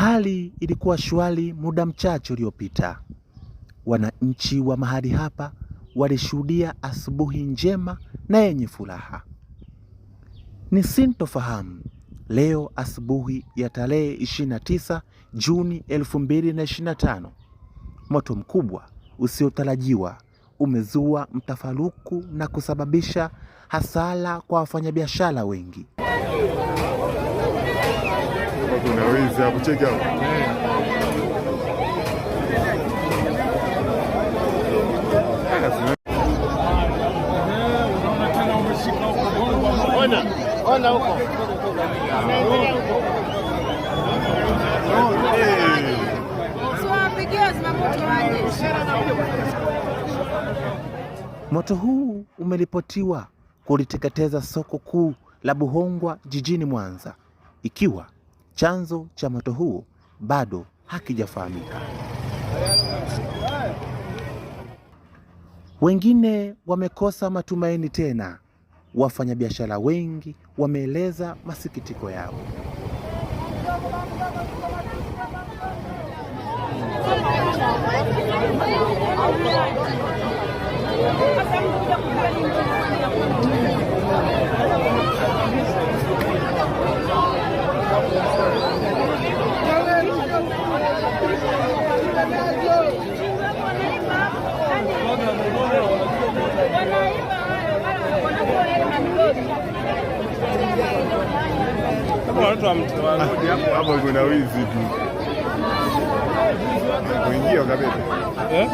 Hali ilikuwa shwari muda mchache uliopita. Wananchi wa mahali hapa walishuhudia asubuhi njema na yenye furaha. Ni sintofahamu leo asubuhi ya tarehe 29 Juni 2025, moto mkubwa usiotarajiwa umezua mtafaruku na kusababisha hasara kwa wafanyabiashara wengi kuna wizi hapo, cheki hapo. Moto huu umeripotiwa kuliteketeza soko kuu la Buhongwa jijini Mwanza ikiwa Chanzo cha moto huo bado hakijafahamika. Wengine wamekosa matumaini tena. Wafanyabiashara wengi wameeleza masikitiko yao. Ah, hapo kuna wizi tu kuingia kabisa eh?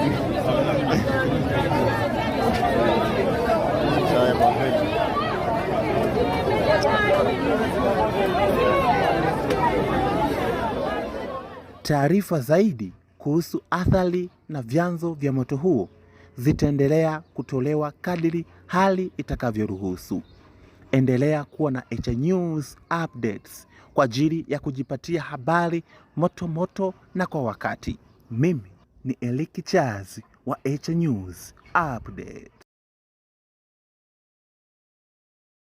Taarifa zaidi kuhusu athari na vyanzo vya moto huo zitaendelea kutolewa kadiri hali itakavyoruhusu endelea kuwa na Echa News updates kwa ajili ya kujipatia habari moto moto na kwa wakati. Mimi ni Eliki Chazi wa Echa News update.